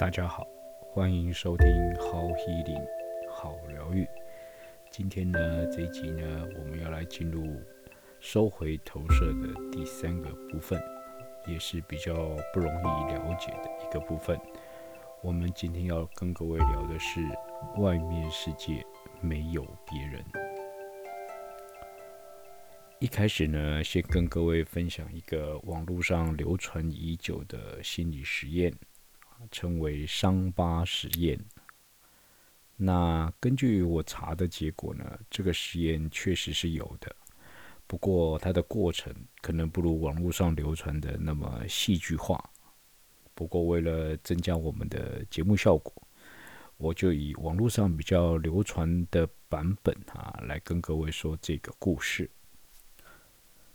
大家好，歡迎收聽 How Healing 好療癒。今天呢，這一集呢，我們要來進入收回投射的第三個部分，也是比較不容易了解的一個部分。我們今天要跟各位聊的是，外面世界沒有別人。一開始呢，先跟各位分享一個網絡上流傳已久的心理實驗。稱為傷疤實驗。那根據我查的結果呢，這個實驗確實是有的，不過它的過程可能不如網絡上流傳的那麼戲劇化。不過為了增加我們的節目效果，我就以網絡上比較流傳的版本啊，來跟各位說這個故事。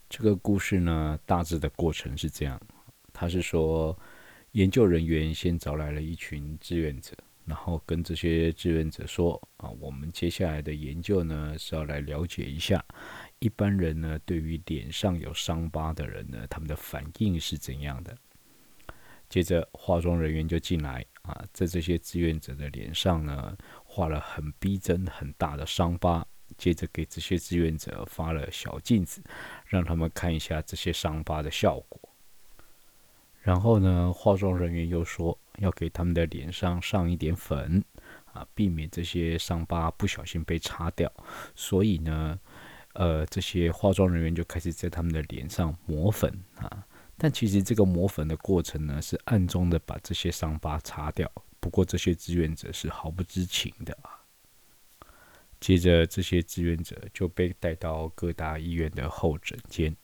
這個故事呢，大致的過程是這樣，它是說。研究人員先找來了一群志願者，然後跟這些志願者說：“啊，我們接下來的研究呢是要來了解一下一般人呢對於臉上有傷疤的人呢，他們的反應是怎樣的。”接着化妝人員就進來，啊，在這些志願者的臉上呢畫了很逼真，很大的傷疤，接着給這些志願者發了小鏡子，讓他們看一下這些傷疤的效果。然後呢，化妝人員又說要給他們的臉上上一點粉，啊，避免這些傷疤不小心被擦掉。所以呢，呃，這些化妝人員就開始在他們的臉上抹粉啊。但其實這個抹粉的過程呢，是暗中的把這些傷疤擦掉。不過這些志願者是毫不知情的啊。接着，這些志願者就被帶到各大醫院的候診間。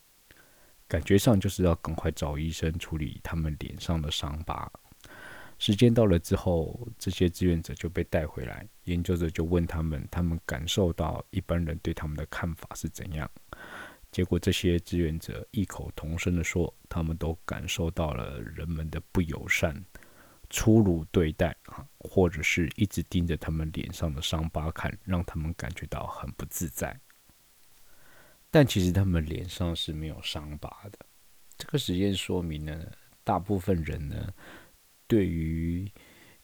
感覺上就是要趕快找醫生處理他們臉上的傷疤。時間到了之後，這些志願者就被帶回來，研究者就問他們，他們感受到一般人對他們的看法是怎樣？結果這些志願者異口同聲地說，他們都感受到了人們的不友善、粗魯對待，或者是一直盯着他們臉上的傷疤看，讓他們感覺到很不自在。但其實他們臉上是沒有傷疤的。這個實驗說明呢，大部分人呢，對於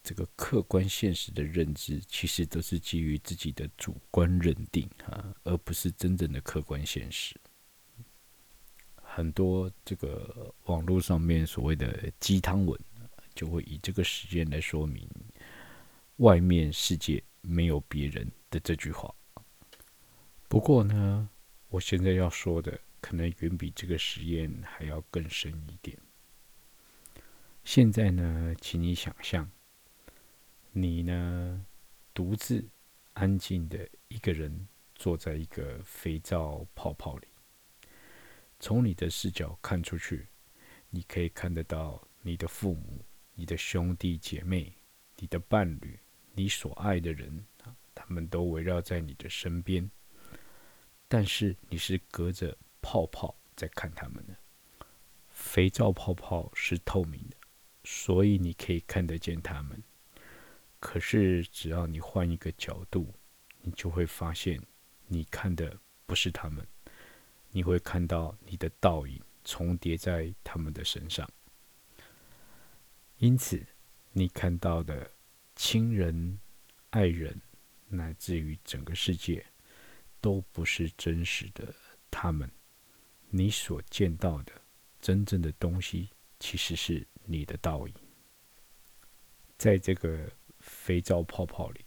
這個客觀現實的認知，其實都是基於自己的主觀認定啊，而不是真正的客觀現實。很多這個網絡上面所謂的雞湯文，就會以這個實驗來說明，外面世界沒有別人的這句話。不過呢，我現在要說的，可能遠比這個實驗還要更深一點。現在呢，請你想象，你呢獨自安靜的一個人坐在一個肥皂泡泡裡，從你的視角看出去，你可以看得到你的父母、你的兄弟姐妹、你的伴侶、你所愛的人，他們都圍繞在你的身邊。但是你是隔着泡泡在看他們的，肥皂泡泡是透明的，所以你可以看得見他們。可是只要你換一個角度，你就會發現，你看的不是他們，你會看到你的倒影重疊在他們的身上。因此，你看到的親人、愛人，乃至於整個世界，都不是真實的。他們，你所見到的真正的東西，其實是你的倒影。在這個肥皂泡泡裡，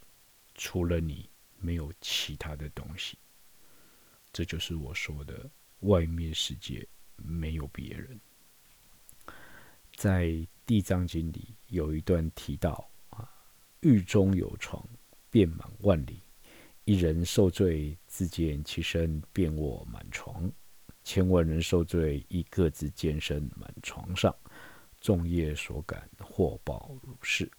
除了你，沒有其他的東西。這就是我說的，外面世界沒有別人。在《地藏經》裡有一段提到啊，獄中有床，遍滿萬里。一人受罪，自見其身，遍臥滿床；千萬人受罪，亦各自見身滿床上。眾業所感，獲報如是。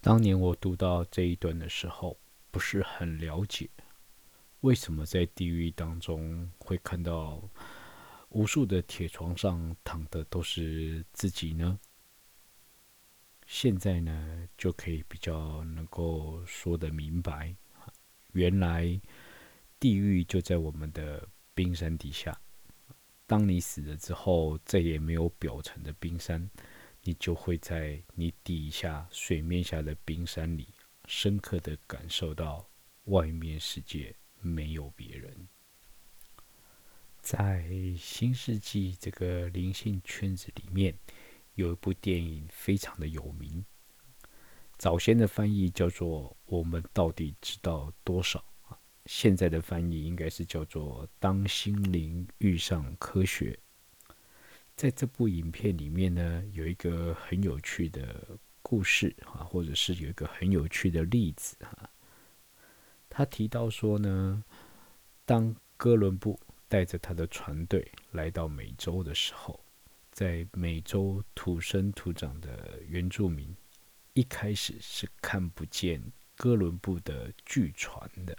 當年我讀到這一段的時候，不是很了解，為什麼在地獄當中會看到無數的鐵床上躺的都是自己呢？現在呢，就可以比較能夠說得明白。原來地獄就在我們的冰山底下。當你死了之後，再也沒有表層的冰山，你就會在你底下水面下的冰山裡，深刻地感受到外面世界沒有別人。在新世紀這個靈性圈子裡面，有一部電影非常的有名。早先的翻譯叫做“我們到底知道多少”啊，現在的翻譯應該是叫做“當心靈遇上科學”。在這部影片裡面呢，有一個很有趣的故事啊，或者是有一個很有趣的例子啊。他提到說呢，當哥倫布帶着他的船隊來到美洲的時候，在美洲土生土長的原住民。一開始是看不見哥倫布的巨船的，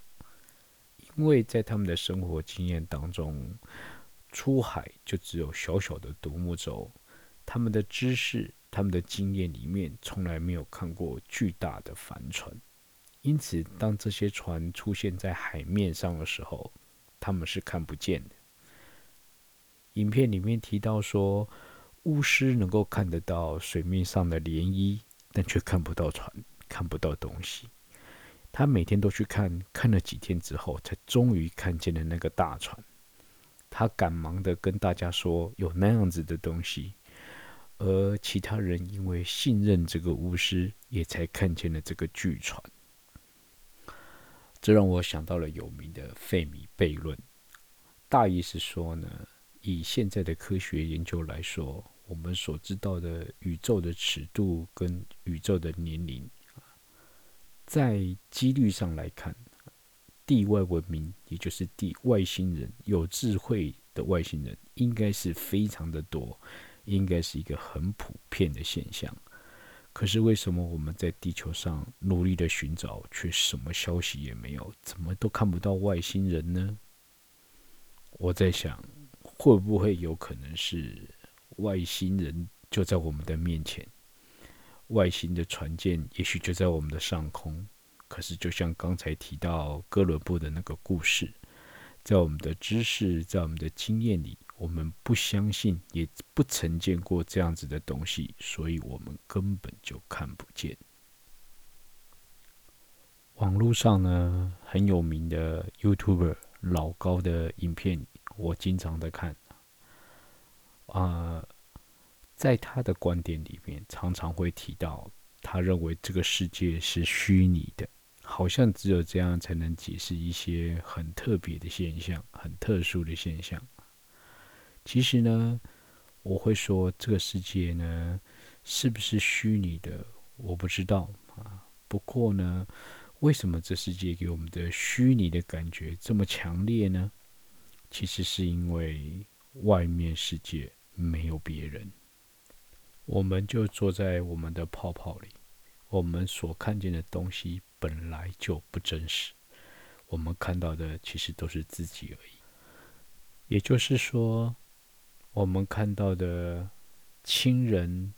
因為在他們的生活經驗當中，出海就只有小小的獨木舟，他們的知識、他們的經驗裡面從來沒有看過巨大的帆船，因此當這些船出現在海面上的時候，他們是看不見的。影片裡面提到說，巫師能夠看得到水面上的漣漪。但卻看不到船，看不到東西。他每天都去看，看了幾天之後，才終於看見了那個大船。他趕忙的跟大家說有那樣子的東西，而其他人因為信任這個巫師，也才看見了這個巨船。這讓我想到了有名的費米悖論，大意是說呢，以現在的科學研究來說。我們所知道的宇宙的尺度跟宇宙的年齡，在幾率上來看，地外文明，也就是地外星人，有智慧的外星人，應該是非常的多，應該是一個很普遍的現象。可是為什麼我們在地球上努力的尋找，卻什麼消息也沒有，怎麼都看不到外星人呢？我在想，會不會有可能是？外星人就在我們的面前，外星的船艦也許就在我們的上空。可是，就像剛才提到哥倫布的那個故事，在我們的知識、在我們的經驗裡，我們不相信，也不曾見過這樣子的東西，所以我們根本就看不見。網絡上呢，很有名的 YouTuber 老高的影片，我經常的看。呃，在他的觀點裡面，常常會提到，他認為這個世界是虛擬的，好像只有這樣才能解釋一些很特別的現象、很特殊的現象。其實呢，我會說這個世界呢是不是虛擬的，我不知道啊。不過呢，為什麼這世界給我們的虛擬的感覺這麼強烈呢？其實是因為外面世界。沒有別人，我們就坐在我們的泡泡裡。我們所看見的東西本來就不真實，我們看到的其實都是自己而已。也就是說，我們看到的親人、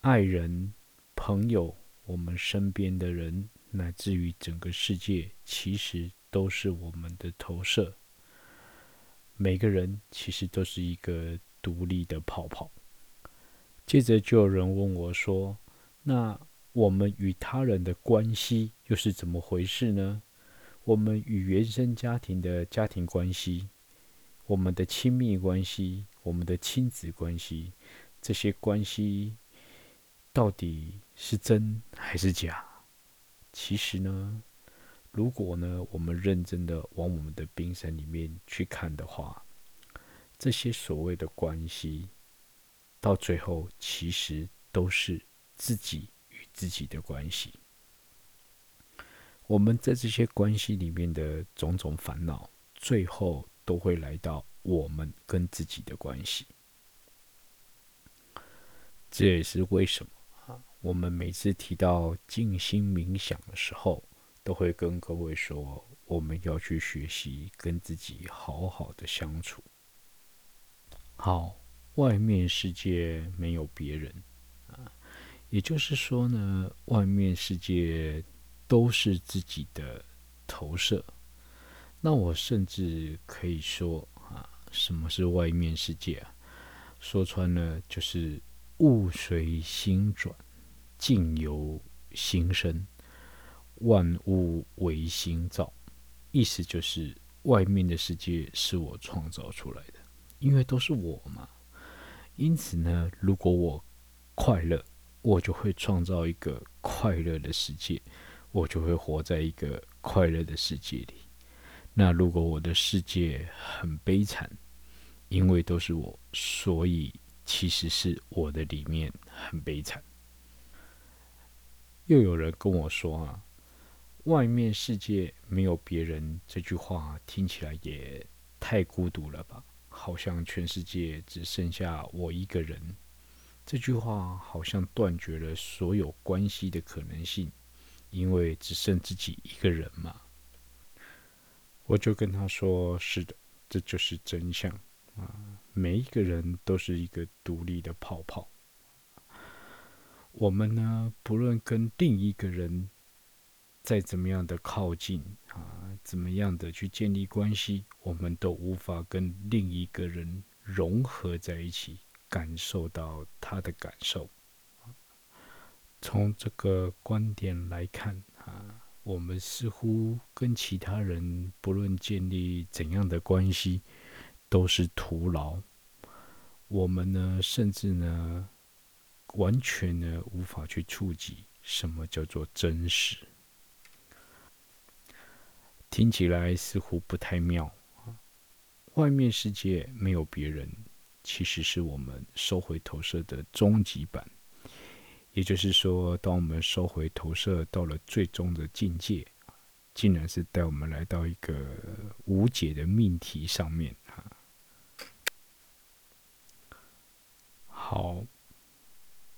愛人、朋友，我們身邊的人，乃至於整個世界，其實都是我們的投射。每個人其實都是一個。獨立的泡泡。接着就有人問我說：“那我們與他人的關係又是怎麼回事呢？我們與原生家庭的家庭關係，我們的親密關係，我們的親子關係，這些關係到底是真還是假？其實呢，如果呢，我們認真的往我們的冰山裡面去看的話。”這些所謂的關係，到最後其實都是自己與自己的關係。我們在這些關係裡面的種種煩惱，最後都會來到我們跟自己的關係。這也是為什麼我們每次提到靜心冥想的時候，都會跟各位說，我們要去學習跟自己好好的相處。好，外面世界沒有別人啊，也就是說呢，外面世界都是自己的投射。那我甚至可以說啊，什麼是外面世界啊？說穿了就是物隨心轉，境由心生，萬物唯心造。意思就是，外面的世界是我創造出來的。因為都是我嘛，因此呢，如果我快樂，我就會創造一個快樂的世界，我就會活在一個快樂的世界裡。那如果我的世界很悲慘，因為都是我，所以其實是我的裡面很悲慘。又有人跟我說啊，外面世界沒有別人，這句話啊，聽起來也太孤獨了吧。好像全世界只剩下我一個人，這句話好像斷絕了所有關係的可能性，因為只剩自己一個人嘛。我就跟他說：“是的，這就是真相啊！每一個人都是一個獨立的泡泡，我們呢，不論跟另一個人。”再怎麼樣的靠近啊，怎麼樣的去建立關係，我們都無法跟另一個人融合在一起，感受到他的感受。從這個觀點來看啊，我們似乎跟其他人不論建立怎樣的關係，都是徒勞。我們呢，甚至呢，完全呢，無法去觸及什麼叫做真實。聽起來似乎不太妙啊！外面世界沒有別人，其實是我們收回投射的終極版。也就是說，當我們收回投射到了最終的境界，竟然是帶我們來到一個無解的命題上面。好，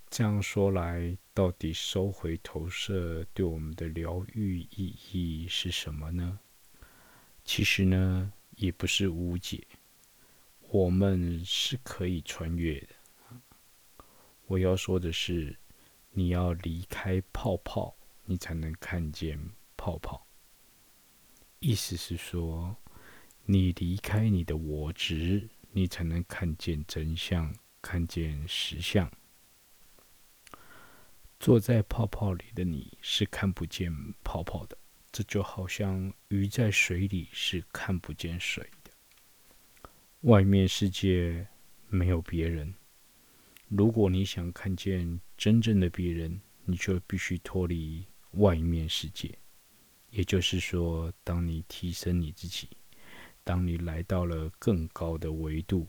這樣說來，到底收回投射對我們的療癒意義是什麼呢？其實呢，也不是無解，我們是可以穿越的。我要說的是，你要離開泡泡，你才能看見泡泡。意思是說，你離開你的我執，你才能看見真相，看見實相。坐在泡泡裡的你是，是看不見泡泡的。這就好像魚在水裡是看不見水的。外面世界沒有別人，如果你想看見真正的別人，你就必須脫離外面世界。也就是說，當你提升你自己，當你來到了更高的維度，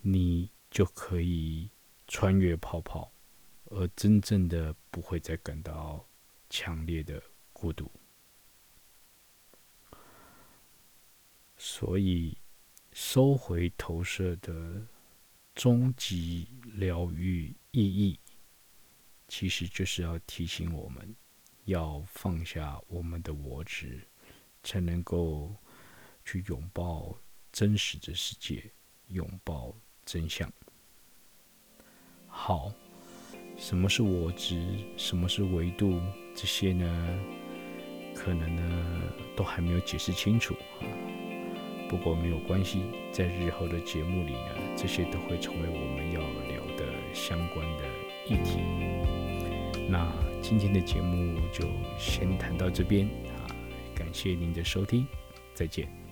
你就可以穿越泡泡，而真正的不會再感到強烈的孤獨。所以，收回投射的終極療癒意義，其實就是要提醒我們，要放下我們的我執，才能夠去擁抱真實的世界，擁抱真相。好，什麼是我執？什麼是維度？這些呢，可能呢，都還沒有解釋清楚。不過沒有關係，在日後的節目裡呢，這些都會成為我們要聊的相關的議題。那今天的節目就先談到這邊啊，感謝您的收聽，再見。